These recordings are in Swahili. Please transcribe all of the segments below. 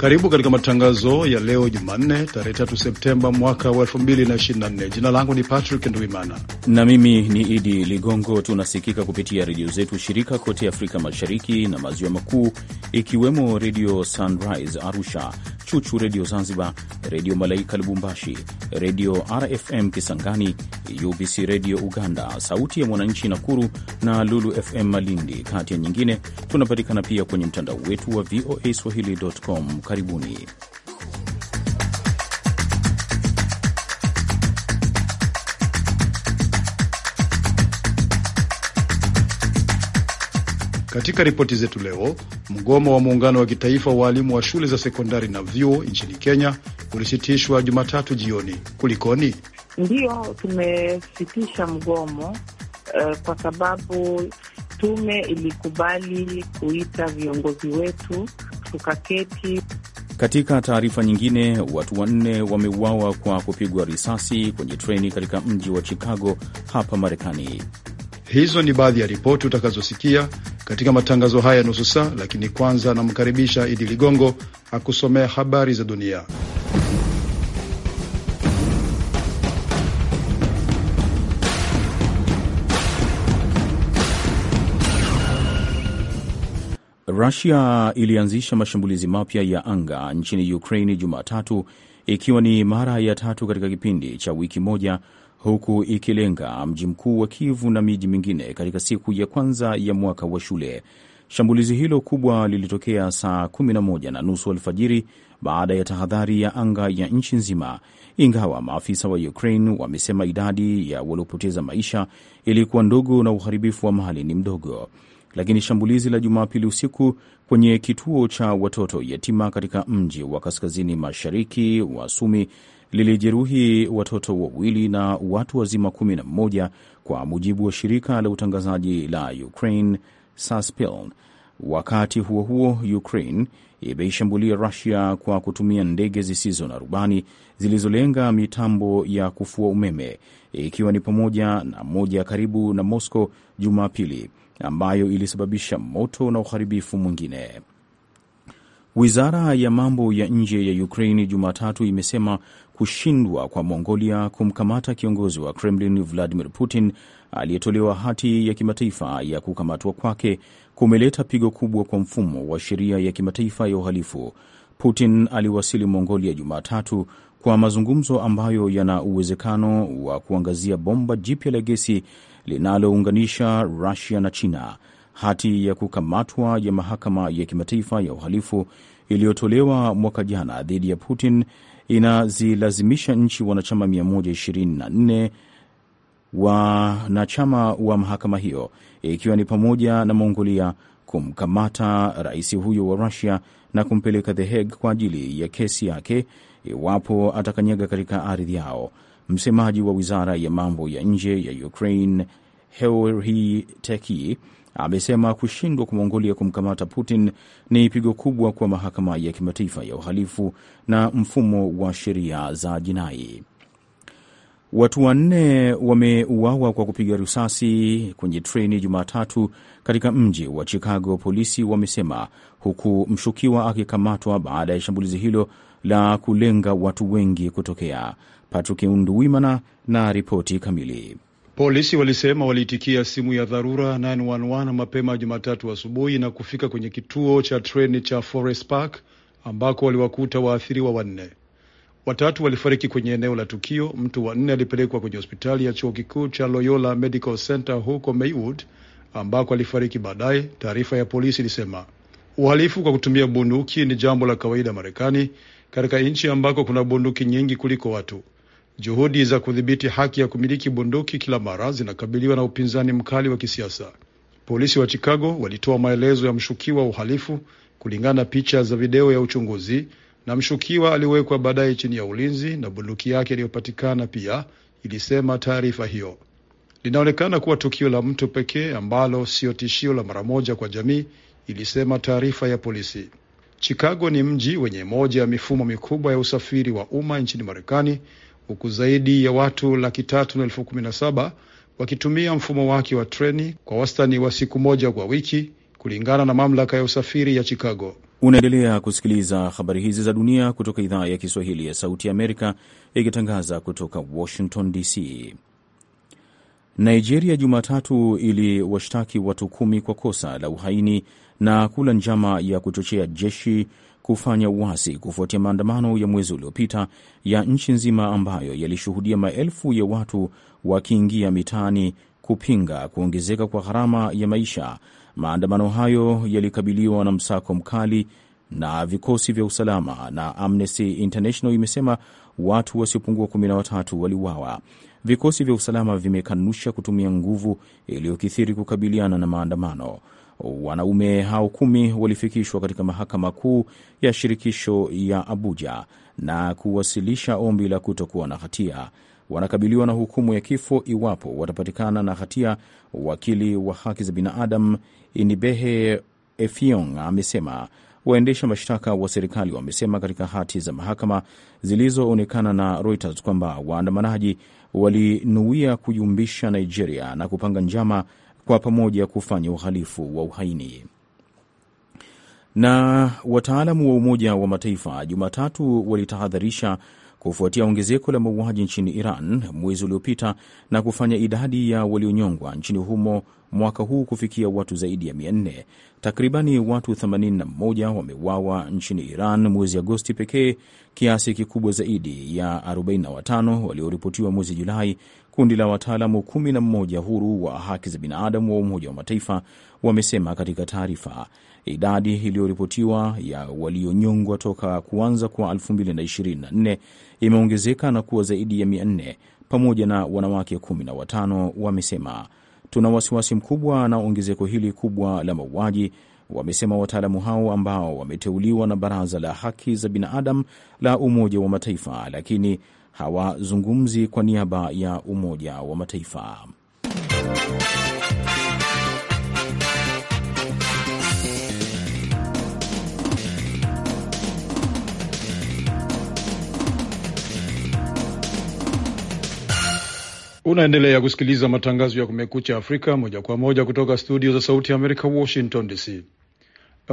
Karibu katika matangazo ya leo Jumanne, tarehe 3 Septemba mwaka wa nne. Jina langu ni Patrick Ndwimana na mimi ni Idi Ligongo. Tunasikika kupitia redio zetu shirika kote Afrika Mashariki na Maziwa Makuu, ikiwemo Redio Sunrise Arusha, Chuchu Redio Zanzibar, Redio Malaika Lubumbashi, Redio RFM Kisangani, UBC Redio Uganda, Sauti ya Mwananchi Nakuru na Lulu FM Malindi, kati ya nyingine. Tunapatikana pia kwenye mtandao wetu wa VOA swahili.com. Karibuni. Katika ripoti zetu leo, mgomo wa muungano wa kitaifa wa walimu wa shule za sekondari na vyuo nchini Kenya ulisitishwa Jumatatu jioni. Kulikoni? Ndiyo, tumesitisha mgomo uh, kwa sababu tume ilikubali kuita viongozi wetu tukaketi katika taarifa nyingine, watu wanne wameuawa kwa kupigwa risasi kwenye treni katika mji wa Chicago hapa Marekani. Hizo ni baadhi ya ripoti utakazosikia katika matangazo haya nusu saa, lakini kwanza anamkaribisha Idi Ligongo akusomea habari za dunia. Rusia ilianzisha mashambulizi mapya ya anga nchini Ukraini Jumatatu, ikiwa ni mara ya tatu katika kipindi cha wiki moja, huku ikilenga mji mkuu wa Kivu na miji mingine katika siku ya kwanza ya mwaka wa shule. Shambulizi hilo kubwa lilitokea saa 11 na nusu alfajiri baada ya tahadhari ya anga ya nchi nzima, ingawa maafisa wa Ukraine wamesema idadi ya waliopoteza maisha ilikuwa ndogo na uharibifu wa mali ni mdogo lakini shambulizi la Jumapili usiku kwenye kituo cha watoto yatima katika mji wa kaskazini mashariki wa Sumi lilijeruhi watoto wawili na watu wazima 11 kwa mujibu wa shirika la utangazaji la Ukraine Saspil. Wakati huo huo, Ukraine imeishambulia Rusia kwa kutumia ndege zisizo na rubani zilizolenga mitambo ya kufua umeme ikiwa ni pamoja na moja karibu na Moscow Jumapili ambayo ilisababisha moto na uharibifu mwingine. Wizara ya mambo ya nje ya Ukraini Jumatatu imesema kushindwa kwa Mongolia kumkamata kiongozi wa Kremlin Vladimir Putin aliyetolewa hati ya kimataifa ya kukamatwa kwake kumeleta pigo kubwa kwa mfumo wa sheria ya kimataifa ya uhalifu. Putin aliwasili Mongolia Jumatatu kwa mazungumzo ambayo yana uwezekano wa kuangazia bomba jipya la gesi linalounganisha Rusia na China. Hati ya kukamatwa ya Mahakama ya Kimataifa ya Uhalifu iliyotolewa mwaka jana dhidi ya Putin inazilazimisha nchi wanachama 124 wanachama wa mahakama hiyo ikiwa ni pamoja na Mongolia kumkamata rais huyo wa Rusia na kumpeleka The Hague kwa ajili ya kesi yake iwapo atakanyaga katika ardhi yao. Msemaji wa wizara ya mambo ya nje ya Ukraine Heori Teki amesema kushindwa kwa Mongolia kumkamata Putin ni pigo kubwa kwa mahakama ya kimataifa ya uhalifu na mfumo wa sheria za jinai. Watu wanne wameuawa kwa kupiga risasi kwenye treni Jumatatu katika mji wa Chicago, polisi wamesema, huku mshukiwa akikamatwa baada ya shambulizi hilo la kulenga watu wengi kutokea. Patrick Nduwimana na ripoti kamili. Polisi walisema waliitikia simu ya dharura 911 mapema Jumatatu asubuhi na kufika kwenye kituo cha treni cha Forest Park ambako waliwakuta waathiriwa wanne. Watatu walifariki kwenye eneo la tukio. Mtu wa nne alipelekwa kwenye hospitali ya chuo kikuu cha Loyola Medical Center huko Maywood ambako alifariki baadaye, taarifa ya polisi ilisema. Uhalifu kwa kutumia bunduki ni jambo la kawaida Marekani, katika nchi ambako kuna bunduki nyingi kuliko watu. Juhudi za kudhibiti haki ya kumiliki bunduki kila mara zinakabiliwa na upinzani mkali wa kisiasa. Polisi wa Chicago walitoa maelezo ya mshukiwa wa uhalifu kulingana na picha za video ya uchunguzi, na mshukiwa aliwekwa baadaye chini ya ulinzi na bunduki yake iliyopatikana pia, ilisema taarifa hiyo. Linaonekana kuwa tukio la mtu pekee ambalo sio tishio la mara moja kwa jamii, ilisema taarifa ya polisi. Chicago ni mji wenye moja ya mifumo mikubwa ya usafiri wa umma nchini Marekani huku zaidi ya watu laki tatu na elfu kumi na saba wakitumia mfumo wake wa treni kwa wastani wa siku moja kwa wiki kulingana na mamlaka ya usafiri ya Chicago. Unaendelea kusikiliza habari hizi za dunia kutoka idhaa ya Kiswahili ya Sauti ya Amerika ikitangaza kutoka Washington DC. Nigeria Jumatatu iliwashtaki watu kumi kwa kosa la uhaini na kula njama ya kuchochea jeshi kufanya uasi kufuatia maandamano ya mwezi uliopita ya nchi nzima ambayo yalishuhudia maelfu ya watu wakiingia mitaani kupinga kuongezeka kwa gharama ya maisha. Maandamano hayo yalikabiliwa na msako mkali na vikosi vya usalama, na Amnesty International imesema watu wasiopungua kumi na watatu waliuawa. Vikosi vya usalama vimekanusha kutumia nguvu iliyokithiri kukabiliana na maandamano. Wanaume hao kumi walifikishwa katika mahakama kuu ya shirikisho ya Abuja na kuwasilisha ombi la kutokuwa na hatia. Wanakabiliwa na hukumu ya kifo iwapo watapatikana na hatia. Wakili wa haki za binadamu Inibehe Efiong amesema waendesha mashtaka wa serikali wamesema katika hati za mahakama zilizoonekana na Reuters kwamba waandamanaji walinuia kuyumbisha Nigeria na kupanga njama kwa pamoja kufanya uhalifu wa uhaini. Na wataalamu wa Umoja wa Mataifa Jumatatu walitahadharisha kufuatia ongezeko la mauaji nchini Iran mwezi uliopita na kufanya idadi ya walionyongwa nchini humo mwaka huu kufikia watu zaidi ya 400. Takribani watu 81 wameuawa nchini Iran mwezi Agosti pekee, kiasi kikubwa zaidi ya 45 walioripotiwa mwezi Julai, Kundi la wataalamu kumi na mmoja huru wa haki za binadamu wa Umoja wa Mataifa wamesema katika taarifa, idadi iliyoripotiwa ya walionyongwa toka kuanza kwa 2024 imeongezeka na kuwa zaidi ya 400 pamoja na wanawake kumi na watano. Wamesema tuna wasiwasi mkubwa na ongezeko hili kubwa la mauaji, wamesema wataalamu hao ambao wameteuliwa na Baraza la Haki za Binadamu la Umoja wa Mataifa, lakini hawazungumzi kwa niaba ya Umoja wa Mataifa. Unaendelea kusikiliza matangazo ya Kumekucha Afrika moja kwa moja kutoka studio za Sauti ya Amerika, Washington DC.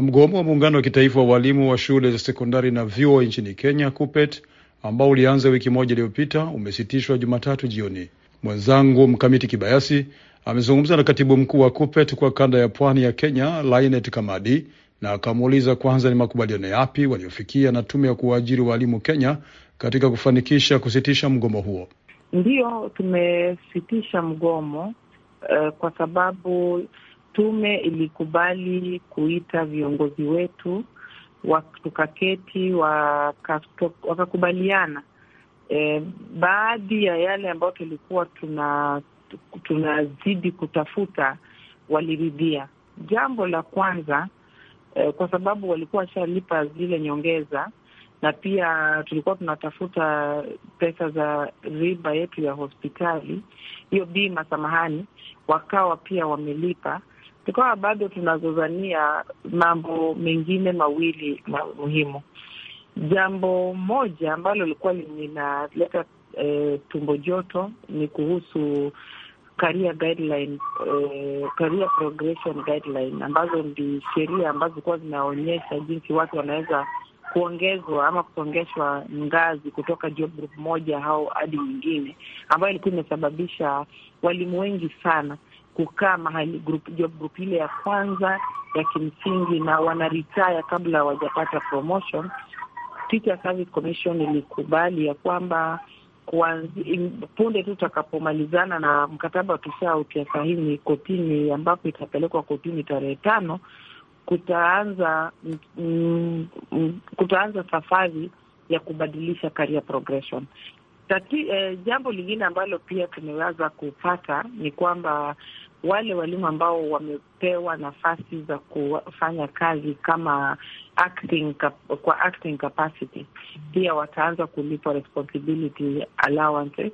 Mgomo wa muungano wa kitaifa wa walimu wa shule za sekondari na vyuo nchini Kenya, KUPET, ambao ulianza wiki moja iliyopita umesitishwa Jumatatu jioni. Mwenzangu Mkamiti Kibayasi amezungumza na katibu mkuu wa kupet kwa kanda ya pwani ya Kenya, Lainet Kamadi, na akamuuliza kwanza ni makubaliano yapi waliofikia na tume ya kuwaajiri waalimu Kenya katika kufanikisha kusitisha mgomo huo. Ndiyo, tumesitisha mgomo uh, kwa sababu tume ilikubali kuita viongozi wetu tukaketi wakakubaliana e, baadhi ya yale ambayo tulikuwa tuna tunazidi kutafuta waliridhia. Jambo la kwanza e, kwa sababu walikuwa washalipa zile nyongeza na pia tulikuwa tunatafuta pesa za riba yetu ya hospitali, hiyo bima, samahani, wakawa pia wamelipa tukawa bado tunazozania mambo mengine mawili ma muhimu. Jambo moja ambalo lilikuwa linaleta e, tumbo joto ni kuhusu career guideline, e, career progression guideline ambazo ndi sheria ambazo zilikuwa zinaonyesha jinsi watu wanaweza kuongezwa ama kusongeshwa ngazi kutoka job group moja au hadi nyingine, ambayo ilikuwa imesababisha walimu wengi sana kukaa mahali group, job group ile ya kwanza ya kimsingi, na wanaritaya kabla hawajapata promotion. Teacher Service Commission ilikubali ya kwamba punde tu tutakapomalizana na mkataba wa kisha utia sahihi kotini, ambapo itapelekwa kotini tarehe tano, kutaanza mm, kutaanza safari ya kubadilisha career progression. Tati, eh, jambo lingine ambalo pia tumeweza kupata ni kwamba wale walimu ambao wamepewa nafasi za kufanya kazi kama acting kwa acting capacity pia wataanza kulipwa responsibility allowances,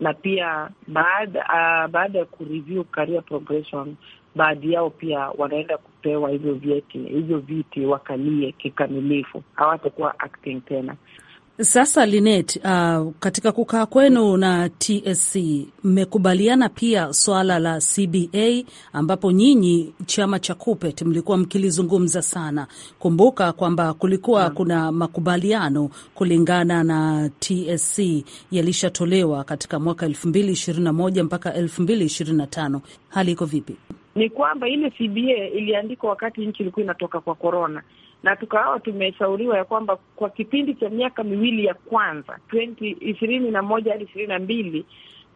na pia baada uh, baada ya kureview career progression, baadhi yao pia wanaenda kupewa hivyo vyeti hivyo viti wakalie kikamilifu, hawatakuwa acting tena. Sasa Linet, uh, katika kukaa kwenu na TSC mmekubaliana pia swala la CBA ambapo nyinyi chama cha KUPET mlikuwa mkilizungumza sana. Kumbuka kwamba kulikuwa hmm, kuna makubaliano kulingana na TSC yalishatolewa katika mwaka 2021 mpaka 2025. Hali iko vipi? Ni kwamba ile CBA iliandikwa wakati nchi ilikuwa inatoka kwa korona na tukawa tumeshauriwa ya kwamba kwa kipindi cha miaka miwili ya kwanza ishirini na moja hadi ishirini na mbili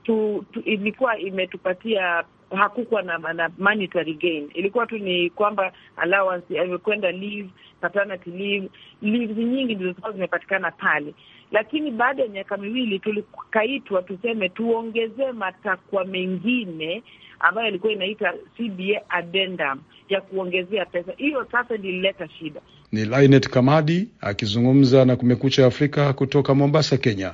tu, tu, ilikuwa imetupatia hakukuwa na, na monetary gain. Ilikuwa tu ni kwamba allowance amekwenda leave, paternity leave, leaves nyingi ndizo zilikuwa zimepatikana pale, lakini baada ya miaka miwili tulikaitwa tuseme tuongezee matakwa mengine ambayo ilikuwa inaita CBA addendum ya kuongezea pesa hiyo. Sasa ilileta shida. Ni linet Kamadi akizungumza na Kumekucha Afrika kutoka Mombasa, Kenya.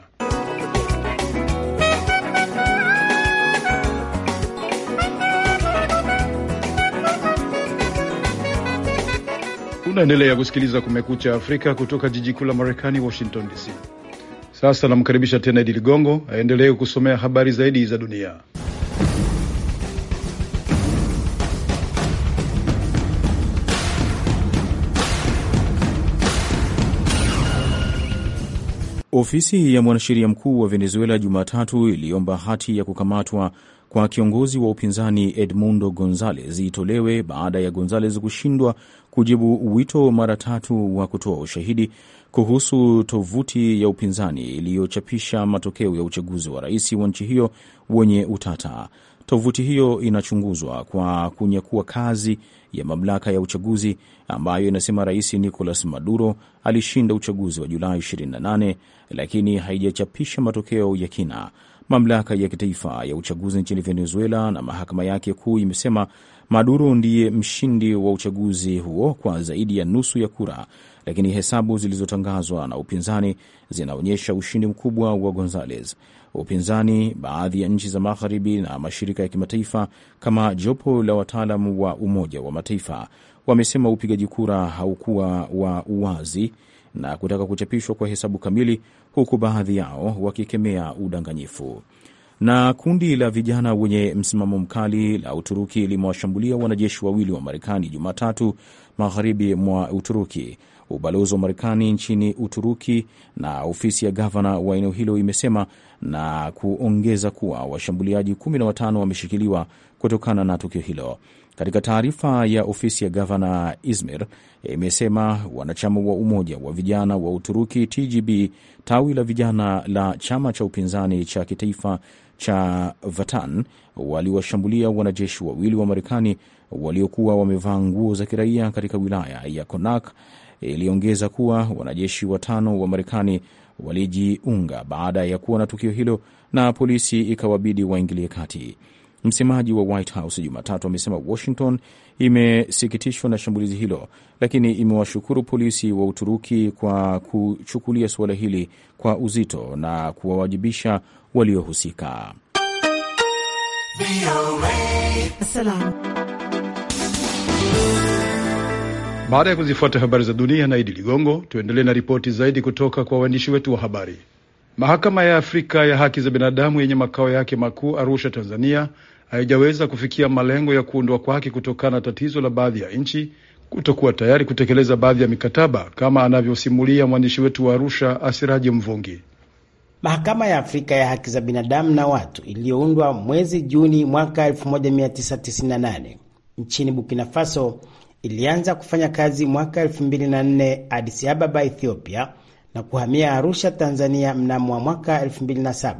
Unaendelea kusikiliza Kumekucha Afrika kutoka jiji kuu la Marekani, Washington DC. Sasa namkaribisha tena Idi Ligongo aendelee kusomea habari zaidi za dunia. Ofisi ya mwanasheria mkuu wa Venezuela Jumatatu iliomba hati ya kukamatwa kwa kiongozi wa upinzani Edmundo Gonzalez itolewe baada ya Gonzalez kushindwa kujibu wito mara tatu wa kutoa ushahidi kuhusu tovuti ya upinzani iliyochapisha matokeo ya uchaguzi wa rais wa nchi hiyo wenye utata. Tovuti hiyo inachunguzwa kwa kunyakua kazi ya mamlaka ya uchaguzi ambayo inasema Rais Nicolas Maduro alishinda uchaguzi wa Julai 28 lakini haijachapisha matokeo ya kina. Mamlaka ya kitaifa ya uchaguzi nchini Venezuela na mahakama yake kuu imesema Maduro ndiye mshindi wa uchaguzi huo kwa zaidi ya nusu ya kura, lakini hesabu zilizotangazwa na upinzani zinaonyesha ushindi mkubwa wa Gonzales. Upinzani, baadhi ya nchi za magharibi na mashirika ya kimataifa kama jopo la wataalamu wa Umoja wa Mataifa wamesema upigaji kura haukuwa wa uwazi na kutaka kuchapishwa kwa hesabu kamili, huku baadhi yao wakikemea udanganyifu. Na kundi la vijana wenye msimamo mkali la Uturuki limewashambulia wanajeshi wawili wa Marekani Jumatatu magharibi mwa Uturuki. Ubalozi wa Marekani nchini Uturuki na ofisi ya gavana wa eneo hilo imesema na kuongeza kuwa washambuliaji 15 wameshikiliwa kutokana na tukio hilo. Katika taarifa ya ofisi ya gavana Izmir eh, imesema wanachama wa umoja wa vijana wa Uturuki TGB, tawi la vijana la chama cha upinzani cha kitaifa cha Vatan waliwashambulia wanajeshi wawili wa Marekani waliokuwa wamevaa nguo za kiraia katika wilaya ya Konak. Iliongeza kuwa wanajeshi watano wa Marekani walijiunga baada ya kuona tukio hilo na polisi ikawabidi waingilie kati. Msemaji wa White House Jumatatu amesema Washington imesikitishwa na shambulizi hilo, lakini imewashukuru polisi wa Uturuki kwa kuchukulia suala hili kwa uzito na kuwawajibisha waliohusika. Baada ya kuzifuata habari za dunia na Idi Ligongo, tuendelee na ripoti zaidi kutoka kwa waandishi wetu wa habari. Mahakama ya Afrika ya Haki za Binadamu yenye makao yake makuu Arusha, Tanzania, haijaweza kufikia malengo ya kuundwa kwake kutokana na tatizo la baadhi ya nchi kutokuwa tayari kutekeleza baadhi ya mikataba kama anavyosimulia mwandishi wetu wa Arusha, Asiraji Mvungi. Mahakama ya Afrika ya Haki za Binadamu na Watu iliyoundwa mwezi Juni mwaka 1998 nchini Burkina Faso ilianza kufanya kazi mwaka 2004 Addis Ababa, Ethiopia na kuhamia Arusha, Tanzania mnamo wa mwaka 2007,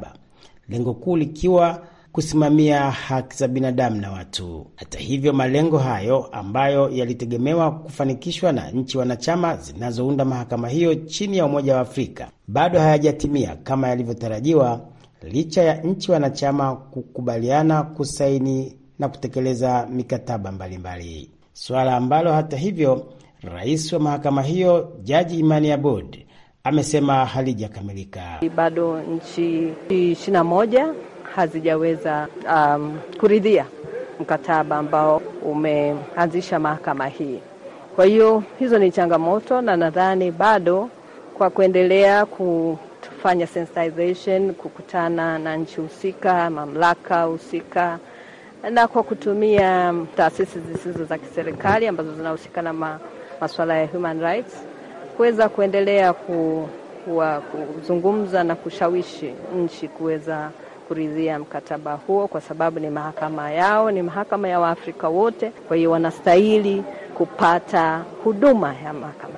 lengo kuu likiwa kusimamia haki za binadamu na watu. Hata hivyo, malengo hayo ambayo yalitegemewa kufanikishwa na nchi wanachama zinazounda mahakama hiyo chini ya Umoja wa Afrika bado hayajatimia kama yalivyotarajiwa, licha ya nchi wanachama kukubaliana kusaini na kutekeleza mikataba mbalimbali, suala ambalo hata hivyo rais wa mahakama hiyo Jaji Imani Aboud amesema halijakamilika bado. Nchi ishirini na moja hazijaweza um, kuridhia mkataba ambao umeanzisha mahakama hii. Kwa hiyo hizo ni changamoto, na nadhani bado kwa kuendelea kufanya sensitization, kukutana na nchi husika, mamlaka husika, na kwa kutumia um, taasisi zisizo za kiserikali ambazo zinahusika na ma, masuala ya human rights kuweza kuendelea kuzungumza na kushawishi nchi kuweza kuridhia mkataba huo, kwa sababu ni mahakama yao, ni mahakama ya Waafrika wote. Kwa hiyo wanastahili kupata huduma ya mahakama.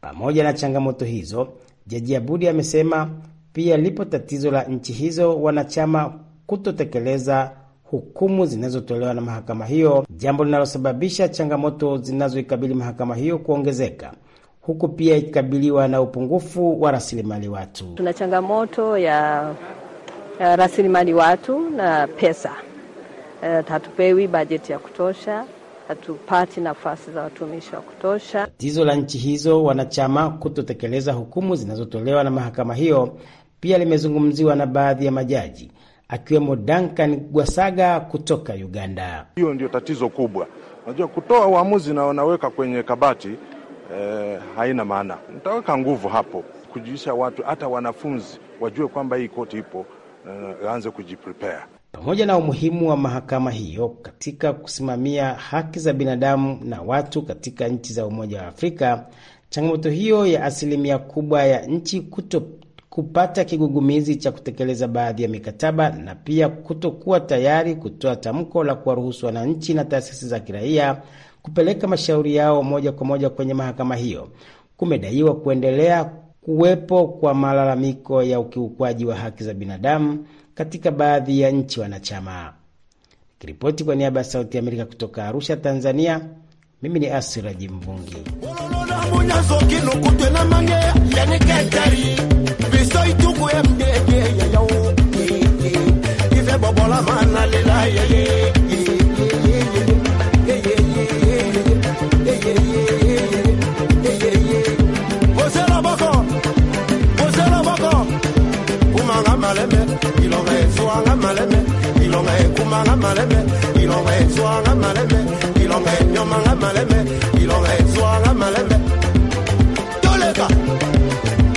Pamoja na changamoto hizo, Jaji Abudi amesema pia lipo tatizo la nchi hizo wanachama kutotekeleza hukumu zinazotolewa na mahakama hiyo, jambo linalosababisha changamoto zinazoikabili mahakama hiyo kuongezeka huku pia ikikabiliwa na upungufu wa rasilimali watu. Tuna changamoto ya, ya rasilimali watu na pesa. E, hatupewi bajeti ya kutosha, hatupati nafasi za watumishi wa kutosha. Tatizo la nchi hizo wanachama kutotekeleza hukumu zinazotolewa na mahakama hiyo pia limezungumziwa na baadhi ya majaji akiwemo Duncan Gwasaga kutoka Uganda. Hiyo ndio tatizo kubwa. najua kutoa uamuzi na wanaweka kwenye kabati eh, haina maana. Nitaweka nguvu hapo kujulisha watu, hata wanafunzi wajue kwamba hii koti ipo, waanze eh, kujiprepare pamoja na umuhimu wa mahakama hiyo katika kusimamia haki za binadamu na watu katika nchi za Umoja wa Afrika, changamoto hiyo ya asilimia kubwa ya nchi kuto kupata kigugumizi cha kutekeleza baadhi ya mikataba na pia kutokuwa tayari kutoa tamko la kuwaruhusu wananchi na taasisi za kiraia kupeleka mashauri yao moja kwa moja kwenye mahakama hiyo. Kumedaiwa kuendelea kuwepo kwa malalamiko ya ukiukwaji wa haki za binadamu katika baadhi ya nchi wanachama. kiripoti kwa niaba ya Sauti ya Amerika kutoka Arusha, Tanzania, mimi ni Asiraji mvungi maleme ilonga ezwa nga maleme ilonga ekuma nga maleme ilonga ezwa nga maleme ilonga enyoma nga maleme ilonga ezwa nga maleme toleka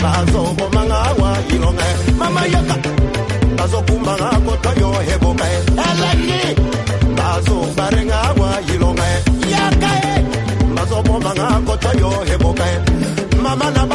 bazoboma nga awa ilonga mama yaka bazokumba nga koto yo me. elengi bazobare nga awa ilonga yaka eh. bazoboma nga koto yo eboma mama na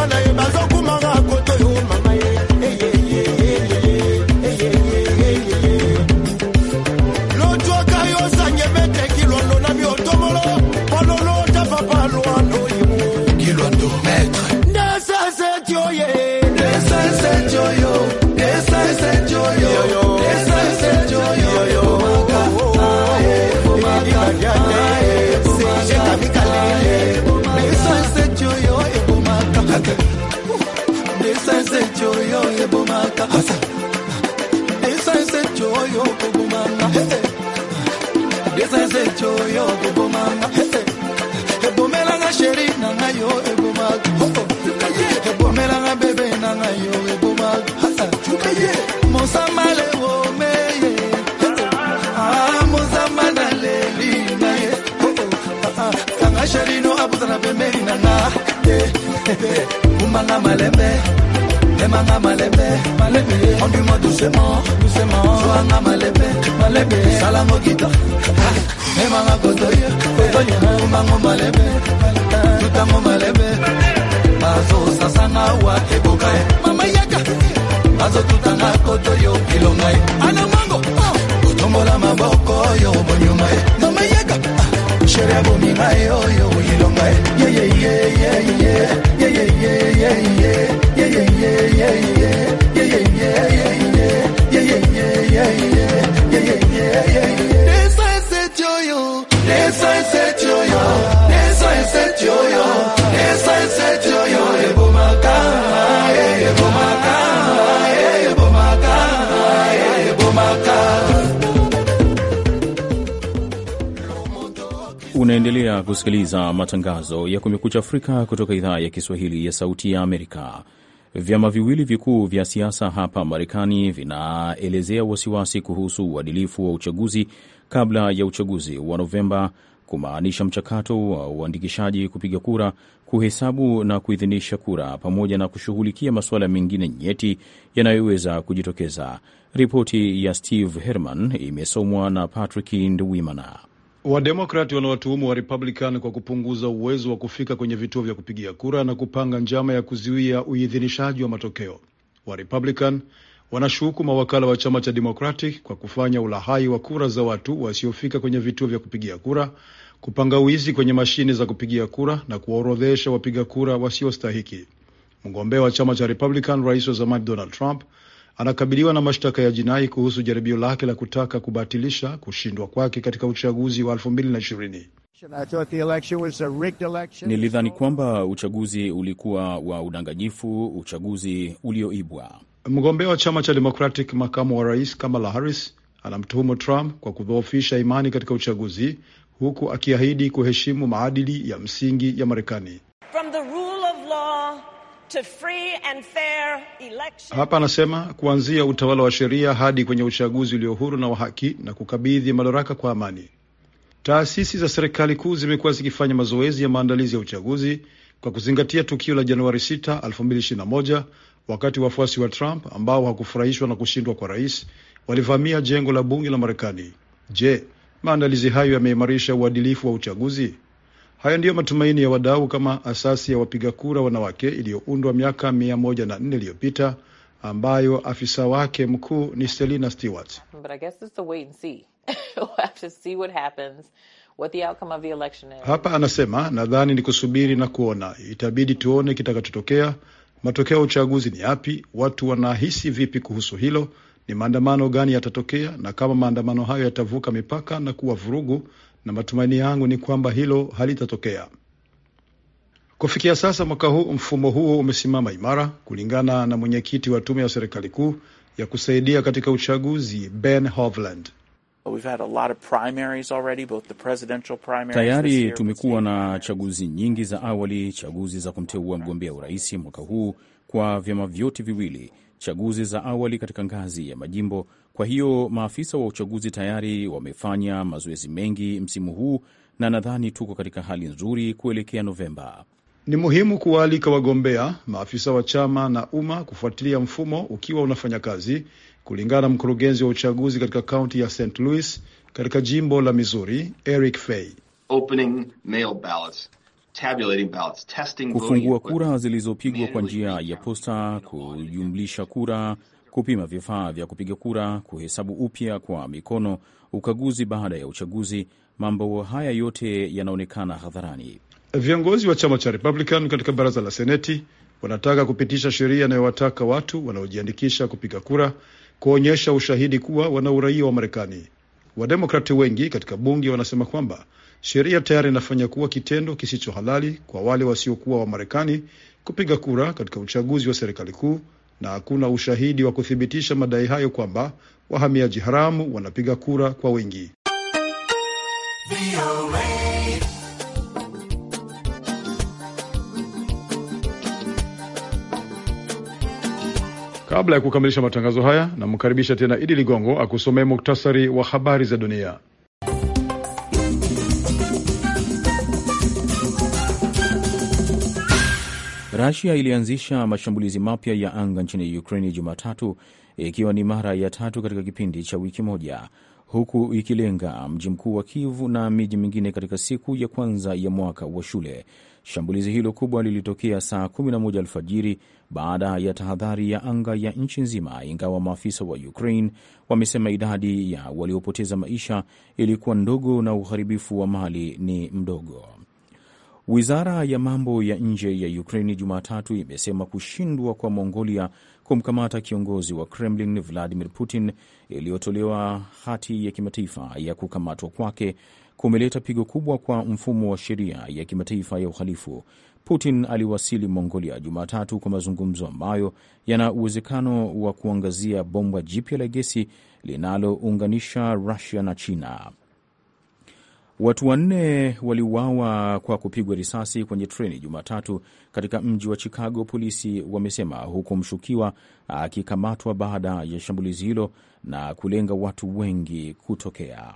Umanga malembe, emanga malembe, malembe. Conduis-moi doucement, doucement. Joanga malembe, malembe. Salango kita, emanga kotoye, kotoye. Umango malembe, tutango malembe. Bazo sasanga wa ebokae, mama yaka. Bazo tutanga kotoyo kilongai. E. Ana mango, oh. maboko yo bonyumae, mama yaka sheria bomi ngayo yo yilo ngayo ye ye ye ye ye ye ye ye ye ye ye ye Unaendelea kusikiliza matangazo ya Kumekucha Afrika kutoka idhaa ya Kiswahili ya Sauti ya Amerika. Vyama viwili vikuu vya siasa hapa Marekani vinaelezea wasiwasi kuhusu uadilifu wa uchaguzi kabla ya uchaguzi wa Novemba, kumaanisha mchakato wa uandikishaji kupiga kura, kuhesabu na kuidhinisha kura, pamoja na kushughulikia masuala mengine nyeti yanayoweza kujitokeza. Ripoti ya Steve Herman imesomwa na Patrick ndwimana Wademokrati wanawatuhumu wa Republican kwa kupunguza uwezo wa kufika kwenye vituo vya kupigia kura na kupanga njama ya kuzuia uidhinishaji wa matokeo. Wa Republican wanashuku mawakala wa chama cha Democratic kwa kufanya ulahai wa kura za watu wasiofika kwenye vituo vya kupigia kura, kupanga wizi kwenye mashine za kupigia kura na kuwaorodhesha wapiga kura wasiostahiki. Mgombea wa chama cha Republican, rais wa zamani Donald Trump anakabiliwa na mashtaka ya jinai kuhusu jaribio lake la kutaka kubatilisha kushindwa kwake katika uchaguzi wa 2020. Nilidhani kwamba uchaguzi ulikuwa wa udanganyifu, uchaguzi ulioibwa. Mgombea wa chama cha Democratic, makamu wa rais Kamala Harris anamtuhumu Trump kwa kudhoofisha imani katika uchaguzi, huku akiahidi kuheshimu maadili ya msingi ya Marekani to free and fair election. Hapa anasema kuanzia utawala wa sheria hadi kwenye uchaguzi ulio huru na wa haki na kukabidhi madaraka kwa amani. Taasisi za serikali kuu zimekuwa zikifanya mazoezi ya maandalizi ya uchaguzi kwa kuzingatia tukio la Januari 6, 2021 wakati wafuasi wa Trump ambao hakufurahishwa na kushindwa kwa rais walivamia jengo la bunge la Marekani. Je, maandalizi hayo yameimarisha uadilifu wa uchaguzi? Haya ndiyo matumaini ya wadau kama asasi ya wapiga kura wanawake iliyoundwa miaka mia moja na nne iliyopita ambayo afisa wake mkuu ni Selina Stewart. Hapa anasema, nadhani ni kusubiri na kuona, itabidi tuone kitakachotokea. Matokeo ya uchaguzi ni yapi? Watu wanahisi vipi kuhusu hilo? Ni maandamano gani yatatokea? Na kama maandamano hayo yatavuka mipaka na kuwa vurugu, na matumaini yangu ni kwamba hilo halitatokea. Kufikia sasa mwaka huu, mfumo huo umesimama imara, kulingana na mwenyekiti wa tume ya serikali kuu ya kusaidia katika uchaguzi Ben Hovland. Tayari tumekuwa na chaguzi nyingi za awali, chaguzi za kumteua mgombea urais mwaka huu kwa vyama vyote viwili, chaguzi za awali katika ngazi ya majimbo kwa hiyo maafisa wa uchaguzi tayari wamefanya mazoezi mengi msimu huu, na nadhani tuko katika hali nzuri kuelekea Novemba. Ni muhimu kuwaalika wagombea, maafisa wa chama na umma kufuatilia mfumo ukiwa unafanya kazi, kulingana na mkurugenzi wa uchaguzi katika kaunti ya St Louis katika jimbo la Missouri, Eric Fay. Opening mail ballots. Ballots, kufungua kura zilizopigwa kwa njia ya posta, kujumlisha kura, kupima vifaa vya kupiga kura, kuhesabu upya kwa mikono, ukaguzi baada ya uchaguzi. Mambo haya yote yanaonekana hadharani. Viongozi wa chama cha Republican katika baraza la Seneti wanataka kupitisha sheria inayowataka watu wanaojiandikisha kupiga kura kuonyesha ushahidi kuwa wana uraia wa Marekani. Wademokrati wengi katika bunge wanasema kwamba sheria tayari inafanya kuwa kitendo kisicho halali kwa wale wasiokuwa wa Marekani kupiga kura katika uchaguzi wa serikali kuu na hakuna ushahidi wa kuthibitisha madai hayo kwamba wahamiaji haramu wanapiga kura kwa wingi. Kabla ya kukamilisha matangazo haya, namkaribisha tena Idi Ligongo akusomee muktasari wa habari za dunia. Rasia ilianzisha mashambulizi mapya ya anga nchini Ukraini Jumatatu, ikiwa ni mara ya tatu katika kipindi cha wiki moja, huku ikilenga mji mkuu wa kivu na miji mingine katika siku ya kwanza ya mwaka wa shule. Shambulizi hilo kubwa lilitokea saa 11 alfajiri baada ya tahadhari ya anga ya nchi nzima, ingawa maafisa wa Ukraine wamesema idadi ya waliopoteza maisha ilikuwa ndogo na uharibifu wa mali ni mdogo. Wizara ya mambo ya nje ya Ukraini Jumatatu imesema kushindwa kwa Mongolia kumkamata kiongozi wa Kremlin Vladimir Putin, iliyotolewa hati ya kimataifa ya kukamatwa kwake, kumeleta pigo kubwa kwa mfumo wa sheria ya kimataifa ya uhalifu. Putin aliwasili Mongolia Jumatatu kwa mazungumzo ambayo yana uwezekano wa kuangazia bomba jipya la gesi linalounganisha Rusia na China. Watu wanne waliuawa kwa kupigwa risasi kwenye treni Jumatatu katika mji wa Chicago, polisi wamesema, huku mshukiwa akikamatwa baada ya shambulizi hilo na kulenga watu wengi kutokea.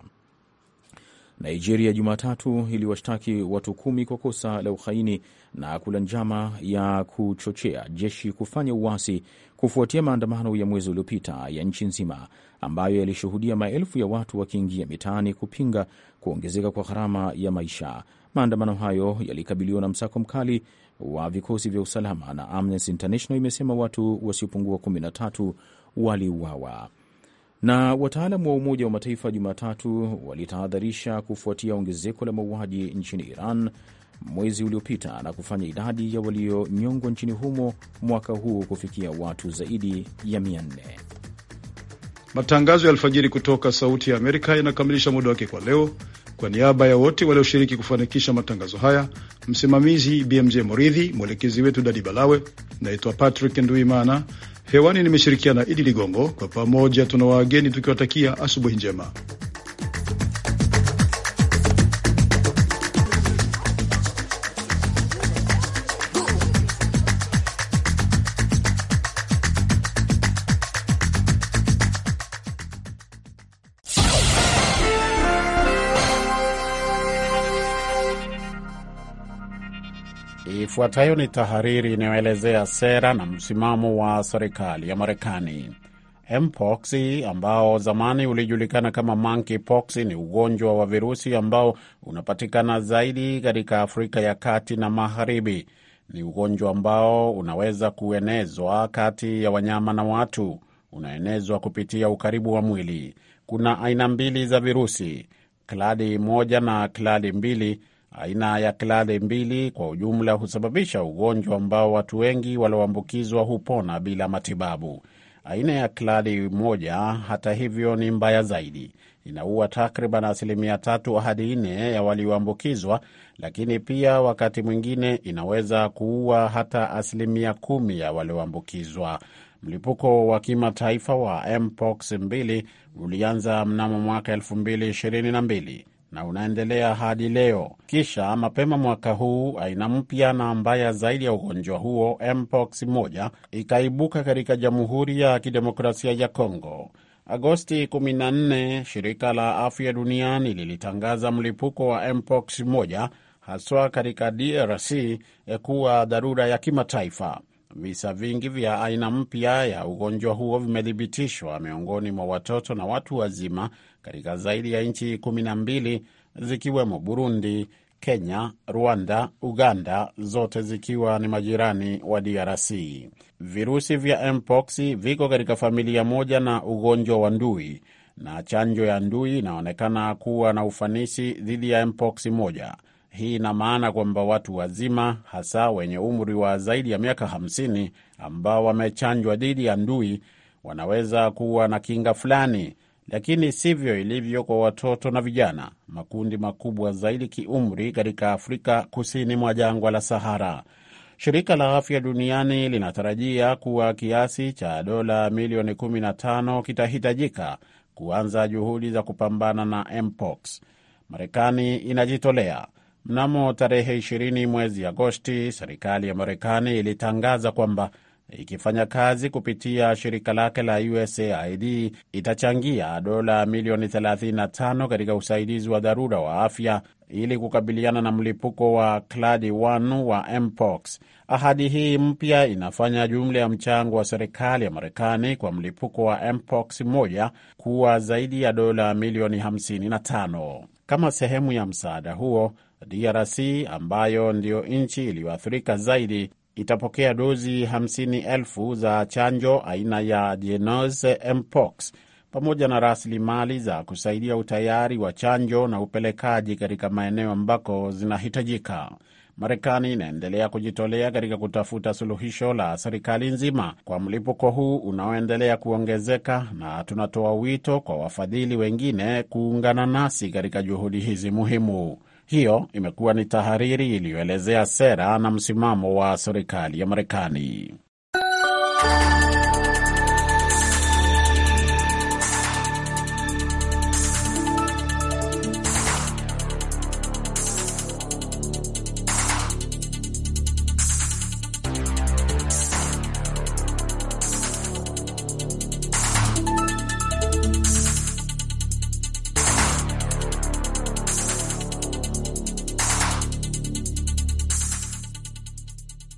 Nigeria Jumatatu iliwashtaki watu kumi kwa kosa la uhaini na kula njama ya kuchochea jeshi kufanya uasi kufuatia maandamano ya mwezi uliopita ya nchi nzima ambayo yalishuhudia maelfu ya watu wakiingia mitaani kupinga kuongezeka kwa gharama ya maisha. Maandamano hayo yalikabiliwa na msako mkali wa vikosi vya usalama, na Amnesty International imesema watu wasiopungua 13 waliuawa. Na wataalam wa Umoja wa Mataifa Jumatatu walitahadharisha kufuatia ongezeko la mauaji nchini Iran mwezi uliopita na kufanya idadi ya walionyongwa nchini humo mwaka huu kufikia watu zaidi ya 4 Matangazo ya alfajiri kutoka Sauti ya Amerika yanakamilisha muda wake kwa leo. Kwa niaba ya wote walioshiriki kufanikisha matangazo haya, msimamizi BMJ Moridhi, mwelekezi wetu Dadi Balawe, naitwa Patrick Nduimana. Hewani nimeshirikiana Idi Ligongo. Kwa pamoja tuna wageni tukiwatakia asubuhi njema. Ifuatayo ni tahariri inayoelezea sera na msimamo wa serikali ya Marekani. Mpox ambao zamani ulijulikana kama monkeypox ni ugonjwa wa virusi ambao unapatikana zaidi katika Afrika ya kati na magharibi. Ni ugonjwa ambao unaweza kuenezwa kati ya wanyama na watu, unaenezwa kupitia ukaribu wa mwili. Kuna aina mbili za virusi, kladi moja na kladi mbili Aina ya klade mbili kwa ujumla husababisha ugonjwa ambao watu wengi walioambukizwa hupona bila matibabu. Aina ya kladi moja, hata hivyo, ni mbaya zaidi. Inaua takriban asilimia tatu hadi nne ya walioambukizwa, lakini pia wakati mwingine inaweza kuua hata asilimia kumi ya walioambukizwa. Mlipuko wa kimataifa wa mpox mbili ulianza mnamo mwaka elfu mbili ishirini na mbili na unaendelea hadi leo. Kisha mapema mwaka huu aina mpya na mbaya zaidi ya ugonjwa huo mpox moja ikaibuka katika Jamhuri ya Kidemokrasia ya Kongo. Agosti 14 shirika la afya duniani lilitangaza mlipuko wa mpox moja haswa katika DRC kuwa dharura ya kimataifa. Visa vingi vya aina mpya ya ugonjwa huo vimethibitishwa miongoni mwa watoto na watu wazima katika zaidi ya nchi kumi na mbili zikiwemo Burundi, Kenya, Rwanda, Uganda, zote zikiwa ni majirani wa DRC. Virusi vya mpox viko katika familia moja na ugonjwa wa ndui, na chanjo ya ndui inaonekana kuwa na ufanisi dhidi ya mpox moja. Hii ina maana kwamba watu wazima, hasa wenye umri wa zaidi ya miaka 50 ambao wamechanjwa dhidi ya ndui wanaweza kuwa na kinga fulani lakini sivyo ilivyo kwa watoto na vijana, makundi makubwa zaidi kiumri katika Afrika kusini mwa jangwa la Sahara. Shirika la Afya Duniani linatarajia kuwa kiasi cha dola milioni 15 kitahitajika kuanza juhudi za kupambana na mpox. Marekani inajitolea. Mnamo tarehe 20 mwezi Agosti, serikali ya Marekani ilitangaza kwamba ikifanya kazi kupitia shirika lake la USAID itachangia dola milioni 35 katika usaidizi wa dharura wa afya ili kukabiliana na mlipuko wa cladi 1 wa mpox. Ahadi hii mpya inafanya jumla ya mchango wa serikali ya Marekani kwa mlipuko wa mpox moja kuwa zaidi ya dola milioni 55. Kama sehemu ya msaada huo, DRC ambayo ndiyo nchi iliyoathirika zaidi itapokea dozi hamsini za chanjo aina ya Jynneos Mpox pamoja na rasilimali za kusaidia utayari wa chanjo na upelekaji katika maeneo ambako zinahitajika. Marekani inaendelea kujitolea katika kutafuta suluhisho la serikali nzima kwa mlipuko huu unaoendelea kuongezeka, na tunatoa wito kwa wafadhili wengine kuungana nasi katika juhudi hizi muhimu. Hiyo imekuwa ni tahariri iliyoelezea sera na msimamo wa serikali ya Marekani.